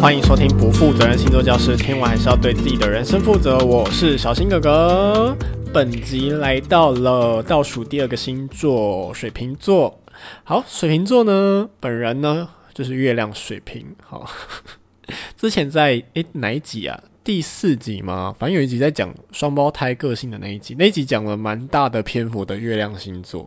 歡迎收聽不負責任星座教室，聽完還是要對自己的人生負責。我是小新哥哥，本集來到了倒數第二個星座——水瓶座。好，水瓶座呢，本人呢就是月亮水瓶。好，呵呵之前在誒哪一集啊？第四集嗎？反正有一集在講雙胞胎個性的那一集，那一集講了蠻大的篇幅的月亮星座。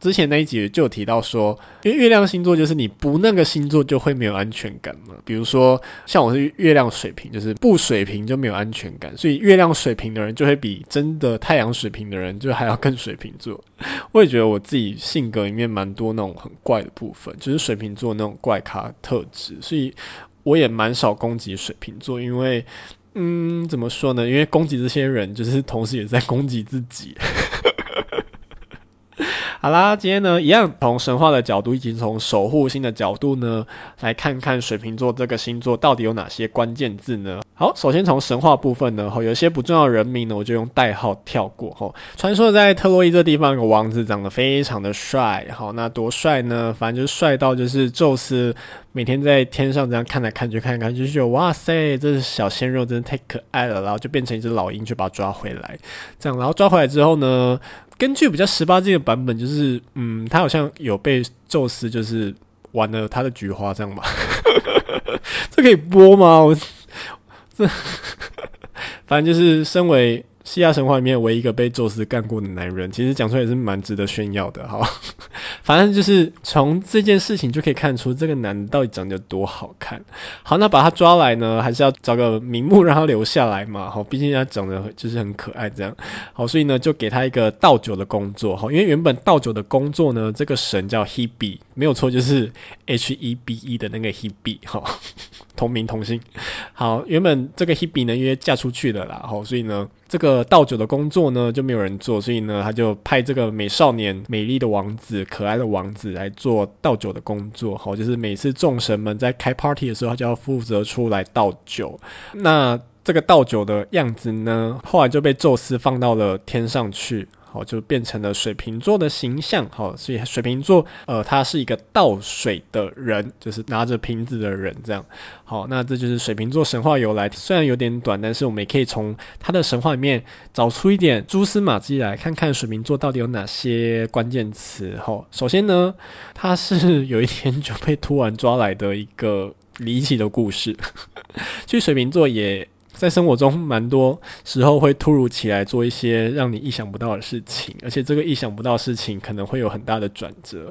之前那一集就有提到說，因為月亮星座就是你不那個星座就會沒有安全感嘛。比如說像我是月亮水瓶，就是不水瓶就沒有安全感，所以月亮水瓶的人就會比真的太陽水瓶的人就還要更水瓶座。我也覺得我自己性格裡面蠻多那種很怪的部分，就是水瓶座那種怪咖特質，所以我也蠻少攻擊水瓶座，因為。嗯，怎麼說呢？因為攻擊這些人，就是同時也在攻擊自己。 好啦，今天呢，一樣從神話的角度，以及從守護星的角度呢，來看看水瓶座這個星座到底有哪些關鍵字呢？好，首先從神話部分呢，有些不重要的人名呢，我就用代號跳過。哈，傳說在特洛伊這地方有個王子，長得非常的帥。好，那多帥呢？反正就是帥到就是宙斯每天在天上這樣看來看去看看，就是覺得，哇塞，這是小鮮肉真的太可愛了，然後就變成一隻老鷹就把他抓回來，這樣。然後抓回來之後呢，根據比較十八禁的版本，就是嗯，他好像有被宙斯就是玩了他的菊花，這樣吧？ 這可以播嗎？我 反正就是，身為希臘神話裡面唯一一個被宙斯幹過的男人，其實講出來也是蠻值得炫耀的哈。反正就是從這件事情就可以看出，這個男的到底長得有多好看。好，那把他抓來呢，還是要找個名目讓他留下來嘛。好，畢竟他長得就是很可愛這樣。好，所以呢，就給他一個倒酒的工作哈。因為原本倒酒的工作呢，這個神叫 Hebe，沒有錯，就是 H-E-B-E、e、的那個 Hebe 哈。同名同姓，好，原本這個 Hebe 呢，因為嫁出去了啦，好，所以呢，這個倒酒的工作呢，就沒有人做，所以呢，他就派這個美少年、美麗的王子、可愛的王子來做倒酒的工作，好，就是每次眾神們在開 party 的時候，他就要負責出來倒酒。那這個倒酒的樣子呢，後來就被宙斯放到了天上去。好，就變成了水瓶座的形象。好，所以水瓶座，呃，他是一個倒水的人，就是拿着瓶子的人，這樣。好，那這就是水瓶座神話由來。雖然有點短，但是我們也可以從它的神話裡面找出一點蛛絲馬跡來，看看水瓶座到底有哪些關鍵詞。好，首先呢，它是有一天就被突然抓來的一個離奇的故事。其 實水瓶座也。在生活中，蠻多時候會突如其來做一些讓你意想不到的事情，而且這個意想不到的事情可能會有很大的轉折。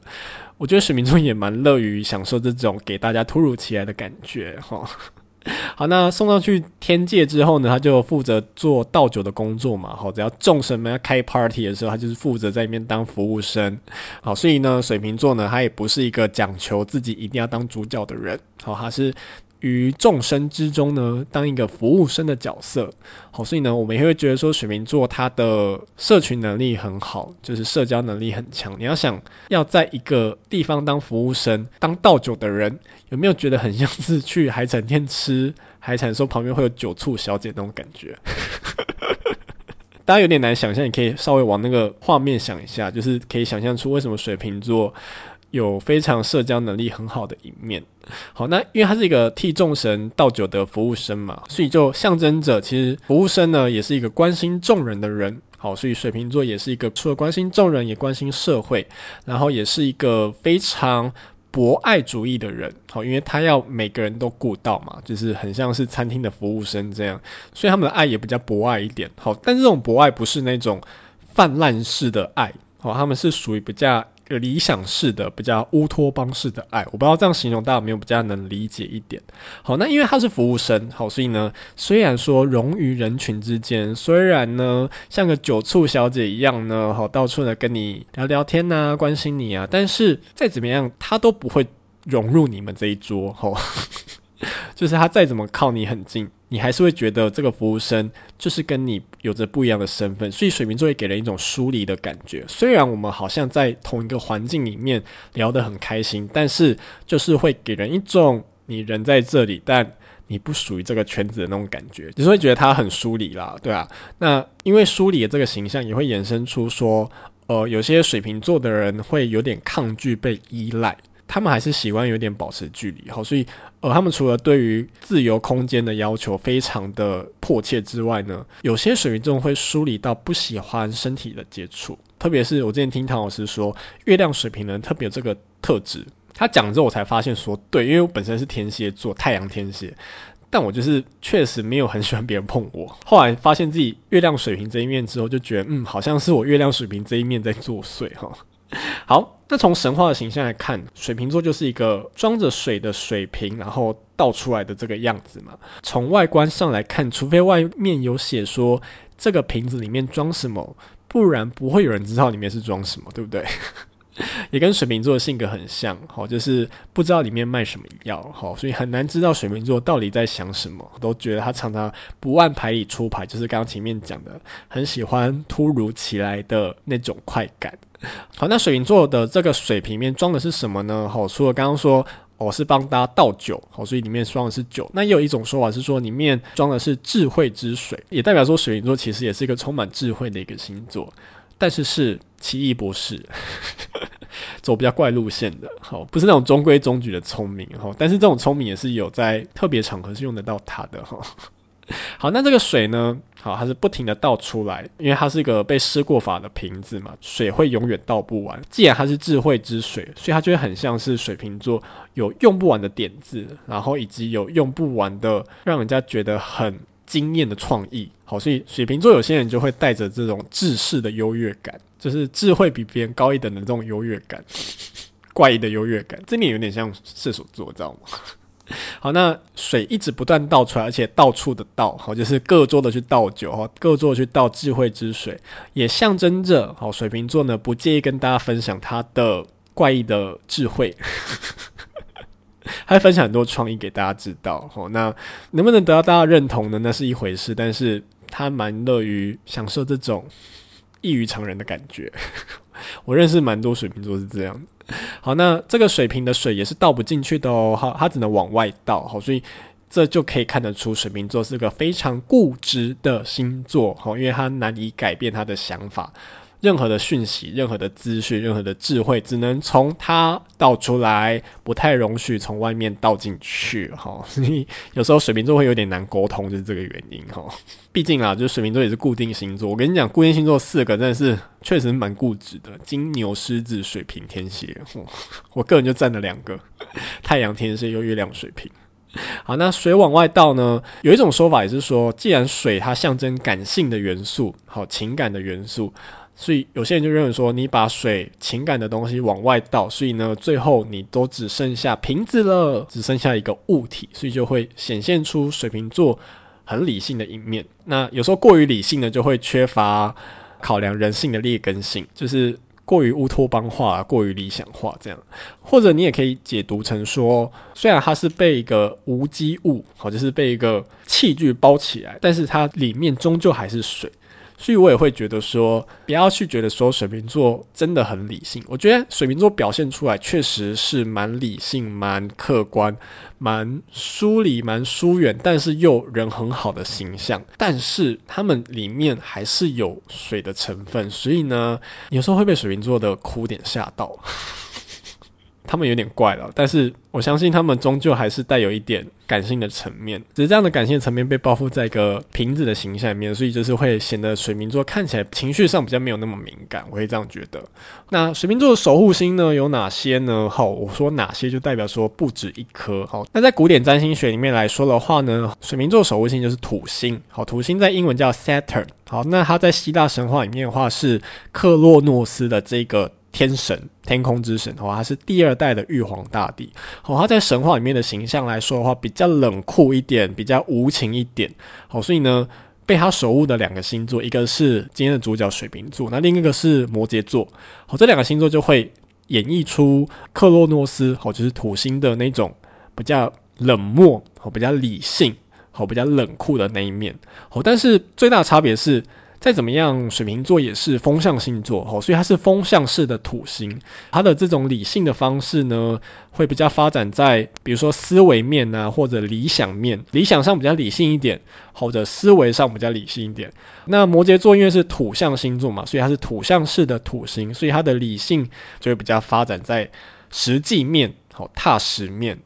我覺得水瓶座也蠻樂於享受這種給大家突如其來的感覺哈。好，好，那送上去天界之後呢，他就負責做倒酒的工作嘛。好，只要眾神們要開 party 的時候，他就是負責在那邊當服務生。好，所以呢，水瓶座呢，他也不是一個講求自己一定要當主角的人。好，他是。於眾生之中呢，當一個服務生的角色，好，所以呢，我們也會覺得說，水瓶座他的社群能力很好，就是社交能力很強。你要想要在一個地方當服務生，當倒酒的人，有沒有覺得很像是去海產店吃海產的時候，旁邊會有酒促小姐那種感覺？ 大家有點難想象，你可以稍微往那個畫面想一下，就是可以想象出為什麼水瓶座。有非常社交能力很好的一面，好，那因為他是一個替眾神倒酒的服務生嘛，所以就象徵着其實服務生呢也是一個關心眾人的人，好，所以水瓶座也是一個除了關心眾人也關心社會，然後也是一個非常博愛主義的人，好，因為他要每個人都顧到嘛，就是很像是餐廳的服務生這樣，所以他們的愛也比較博愛一點，好，但這種博愛不是那種泛濫式的愛，好，他們是屬於比較。有理想式的、比較烏托邦式的愛，我不知道這樣形容，大家有沒有比較能理解一點？好，那因為他是服務生，好，所以呢，雖然說融於人群之間，雖然呢像個酒促小姐一樣呢，好，到處呢跟你聊聊天吶、啊，關心你啊，但是再怎麼樣，他都不會融入你們這一桌，好。 就是他再怎麼靠你很近，你還是會覺得這個服務生就是跟你有着不一樣的身份，所以水瓶座會給人一種疏離的感覺。雖然我們好像在同一個環境裡面聊得很開心，但是就是會給人一種你人在這裡，但你不屬於這個圈子的那種感覺。你、就是會覺得他很疏離啦，對吧、啊？那因為疏離的這個形象，也會延伸出說，呃，有些水瓶座的人會有點抗拒被依賴。他們還是喜歡有點保持距離哈，所以呃，他們除了對於自由空間的要求非常的迫切之外呢，有些水瓶座會梳理到不喜歡身體的接觸，特別是我之前聽唐老師說，月亮水瓶人特別有這個特質。他講之後我才發現說對，因為我本身是天蠍座，太陽天蠍，但我就是確實沒有很喜歡別人碰我。後來發現自己月亮水瓶這一面之後，就覺得嗯，好像是我月亮水瓶這一面在作祟哈。好，那從神話的形象來看，水瓶座就是一個裝着水的水瓶，然後倒出來的這個樣子嘛。從外觀上來看，除非外面有寫說這個瓶子裡面裝什麼，不然不會有人知道裡面是裝什麼，對不對？也跟水瓶座的性格很像，好，就是不知道裡面賣什麼藥，好，所以很難知道水瓶座到底在想什麼，都覺得他常常不按牌理出牌，就是剛剛前面講的，很喜歡突如其來的那種快感。好，那水瓶座的這個水瓶裡面裝的是什麼呢？好，除了剛剛說我、哦、是幫大家倒酒，好，所以裡面裝的是酒。那也有一種說法是說裡面裝的是智慧之水，也代表說水瓶座其實也是一個充滿智慧的一個星座。但是是奇異博士， 走比較怪路線的，好，不是那種中規中矩的聰明，哈，但是這種聰明也是有在特別場合是用得到它的，哈，好，那這個水呢，好，它是不停的倒出來，因為它是一個被施過法的瓶子嘛，水會永遠倒不完，既然它是智慧之水，所以它就會很像是水瓶座有用不完的點子，然後以及有用不完的讓人家覺得很。經驗的創意，好，所以水瓶座有些人就會帶着這種智士的優越感，就是智慧比別人高一等的這種優越感， 怪異的優越感，這面有點像射手座，知道嗎？好，那水一直不斷倒出來，而且到處的倒，好，就是各桌的去倒酒，哈，各桌的去倒智慧之水，也象徵着，好，水瓶座呢不介意跟大家分享他的怪異的智慧。 他分享很多創意給大家知道，吼，那能不能得到大家認同呢？那是一回事，但是他蠻樂於享受這種異於常人的感覺。 我認識蠻多水瓶座是這樣的，好，那這個水瓶的水也是倒不進去的哦，他他只能往外倒，好，所以這就可以看得出水瓶座是個非常固執的星座，吼，因為他難以改變他的想法。任何的訊息、任何的資訊、任何的智慧，只能從它倒出來，不太容許從外面倒進去。哈、哦，所以 有時候水瓶座會有點難溝通，就是這個原因。哈、哦，畢竟啊，就是水瓶座也是固定星座。我跟你講，固定星座四個但是確實蠻固執的：金牛、獅子、水瓶、天蠍。我個人就占了兩個：太陽天蠍，又月亮水瓶。好，那水往外倒呢？有一種說法也是說，既然水它象徵感性的元素，好情感的元素。所以有些人就認為說，你把水情感的東西往外倒，所以呢，最後你都只剩下瓶子了，只剩下一個物體，所以就會顯現出水瓶座很理性的一面。那有時候過於理性呢，就會缺乏考量人性的劣根性，就是過於烏托邦化、過於理想化這樣。或者你也可以解讀成說，雖然它是被一個無機物，或者是被一個器具包起來，但是它裡面終究還是水。所以，我也會覺得說，不要去覺得說水瓶座真的很理性。我覺得水瓶座表現出來確實是蠻理性、蠻客觀、蠻疏離、蠻疏遠，但是又人很好的形象。但是他們裡面還是有水的成分，所以呢，有時候會被水瓶座的哭點嚇到。他們有點怪了，但是我相信他們終究還是帶有一點感性的層面，只是這樣的感性的層面被包覆在一個瓶子的形象裡面，所以就是會顯得水瓶座看起來情緒上比較沒有那麼敏感，我會這樣覺得。那水瓶座的守護星呢，有哪些呢？好，我說哪些就代表說不止一顆。好，那在古典占星學裡面來說的話呢，水瓶座的守護星就是土星。好，土星在英文叫 Saturn。好，那它在希臘神話裡面的話是克洛諾斯的這個。天神，天空之神，好、哦，他是第二代的玉皇大帝，好、哦，他在神話裡面的形象來說的話，比較冷酷一點，比較無情一點，好、哦，所以呢，被他守護的兩個星座，一個是今天的主角水瓶座，那另一個是摩羯座，好、哦，這兩個星座就會演繹出克洛諾斯，好、哦，就是土星的那種比較冷漠，好、哦，比較理性，好、哦，比較冷酷的那一面，好、哦，但是最大的差別是。再怎麼樣，水瓶座也是風象星座哦，所以它是風象式的土星，它的這種理性的方式呢，會比較發展在比如說思維面啊，或者理想面，理想上比較理性一點，或者思維上比較理性一點。那摩羯座因為是土象星座嘛，所以它是土象式的土星，所以它的理性就會比較發展在實際面，好踏實面。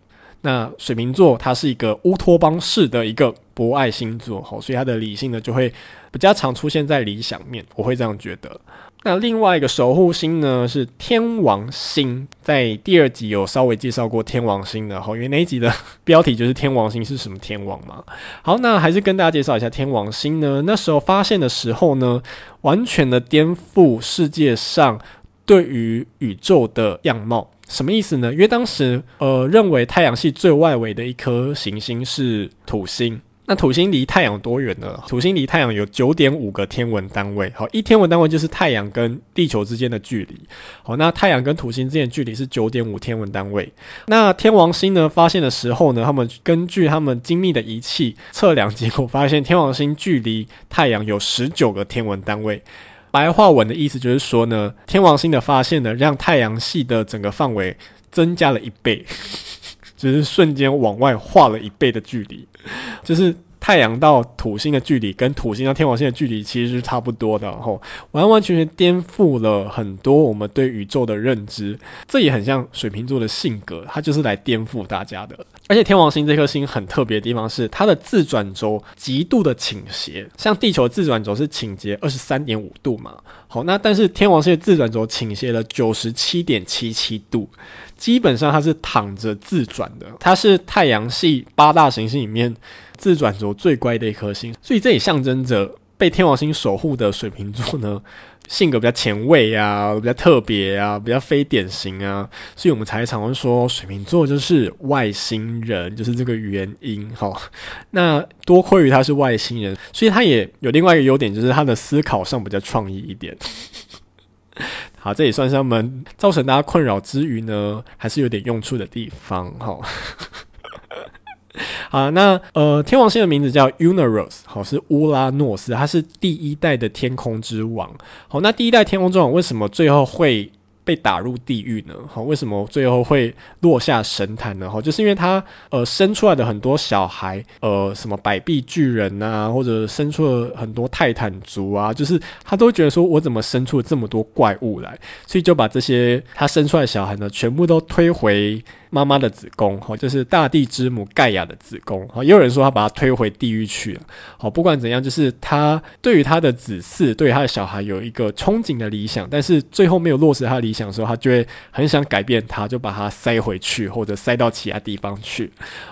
那水瓶座它是一個烏托邦式的一個。博愛星座吼，所以他的理性呢就會比較常出現在理想面，我會這樣覺得。那另外一個守護星呢是天王星，在第二集有稍微介紹過天王星的吼，因為那一集的標題就是天王星是什麼天王嘛。好，那還是跟大家介紹一下天王星呢。那時候發現的時候呢，完全的顛覆世界上對於宇宙的樣貌，什麼意思呢？因為當時呃認為太陽系最外圍的一顆行星是土星。那土星離太陽多遠呢？土星離太陽有九點五個天文單位。好，一天文單位就是太陽跟地球之間的距離。好，那太陽跟土星之間的距離是九點五天文單位。那天王星呢，發現的時候呢，他們根據他們精密的儀器測量結果，發現天王星距離太陽有十九個天文單位。白話文的意思就是說呢，天王星的發現呢，讓太陽系的整個範圍增加了一倍。就是瞬間往外畫了一倍的距離，就是太陽到土星的距離跟土星到天王星的距離其實是差不多的，然後完完全全顛覆了很多我們對宇宙的認知。這也很像水瓶座的性格，它就是來顛覆大家的。而且天王星這顆星很特別的地方是它的自轉軸極度的傾斜，像地球的自轉軸是傾斜二十三點五度嘛。好、哦，那但是天王星的自轉軸傾斜了九十七點七七度，基本上它是躺着自轉的，它是太陽系八大行星裡面自轉軸最乖的一顆星，所以這也象徵着被天王星守護的水瓶座呢。性格比較前衛啊，比較特別啊，比較非典型啊，所以我們才常常說水瓶座就是外星人，就是這個原因哈。那多虧於他是外星人，所以他也有另外一個優點，就是他的思考上比較創意一點。 好，這也算是他們造成大家困擾之餘呢，還是有點用處的地方哈。齁啊，那呃，天王星的名字叫 Uranus，好，是烏拉諾斯，他是第一代的天空之王。好，那第一代天空之王為什麼最後會被打入地獄呢？好、哦，為什麼最後會落下神壇呢？哈、哦，就是因為他呃生出來的很多小孩，呃，什麼百臂巨人啊，或者生出了很多泰坦族啊，就是他都覺得說，我怎麼生出了這麼多怪物來？所以就把這些他生出來的小孩呢，全部都推回媽媽的子宮，哈、哦，就是大地之母蓋亞的子宮、哦。也有人說他把他推回地獄去了。好、哦，不管怎樣，就是他對於他的子嗣，對於他的小孩有一個憧憬的理想，但是最後沒有落實他的理想。理想時候，他就會很想改變他，他就把它塞回去，或者塞到其他地方去。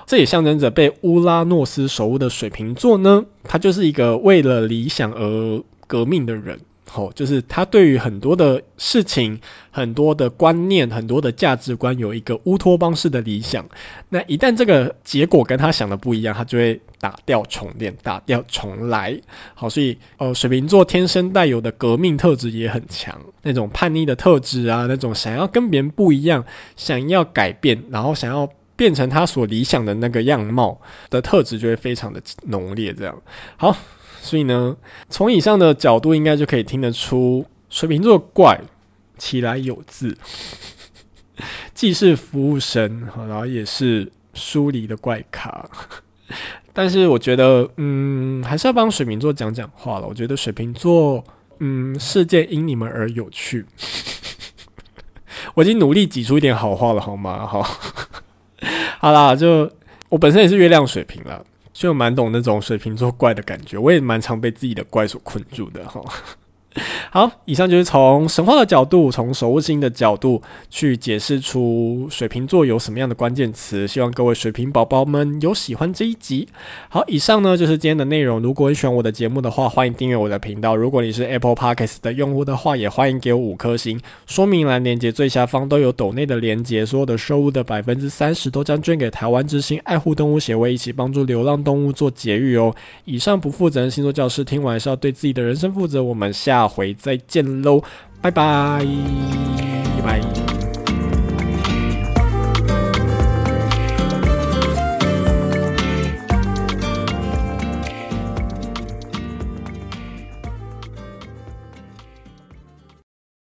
這也象徵着被烏拉諾斯守護的水瓶座呢，他就是一個為了理想而革命的人。好，就是他對於很多的事情，很多的觀念，很多的價值觀有一個烏托邦式的理想。那一旦這個結果跟他想的不一樣，他就會打掉重練，打掉重來。好，所以呃，水瓶座天生帶有的革命特質也很強，那種叛逆的特質啊，那種想要跟別人不一樣，想要改變，然後想要變成他所理想的那個樣貌的特質，就會非常的濃烈。這樣。好。所以呢，從以上的角度，應該就可以聽得出水瓶座怪、其來有自， 既是服務生，然後也是疏離的怪咖。 但是我覺得，嗯，還是要幫水瓶座講講話了。我覺得水瓶座，嗯，世界因你們而有趣。 我已經努力擠出一點好話了，好嗎？好， 好啦，就我本身也是月亮水瓶啦。就蠻懂那種水瓶座怪的感覺，我也蠻常被自己的怪所困住的齁。好，以上就是從神話的角度，從守護星的角度去解釋出水瓶座有什麼樣的關鍵詞。希望各位水瓶寶寶們有喜歡這一集。好，以上呢就是今天的內容。如果你喜歡我的節目的話，歡迎訂閱我的頻道。如果你是 Apple Podcasts 的用戶的話，也歡迎給我五顆星。說明欄連接最下方都有斗內的連接。所有的收入的百分之三十都將捐給台灣之心愛護動物協會，一起幫助流浪動物做節育哦。以上不負責任星座教室，聽完是要對自己的人生負責。我們下。下回再見嘍，拜拜，拜拜。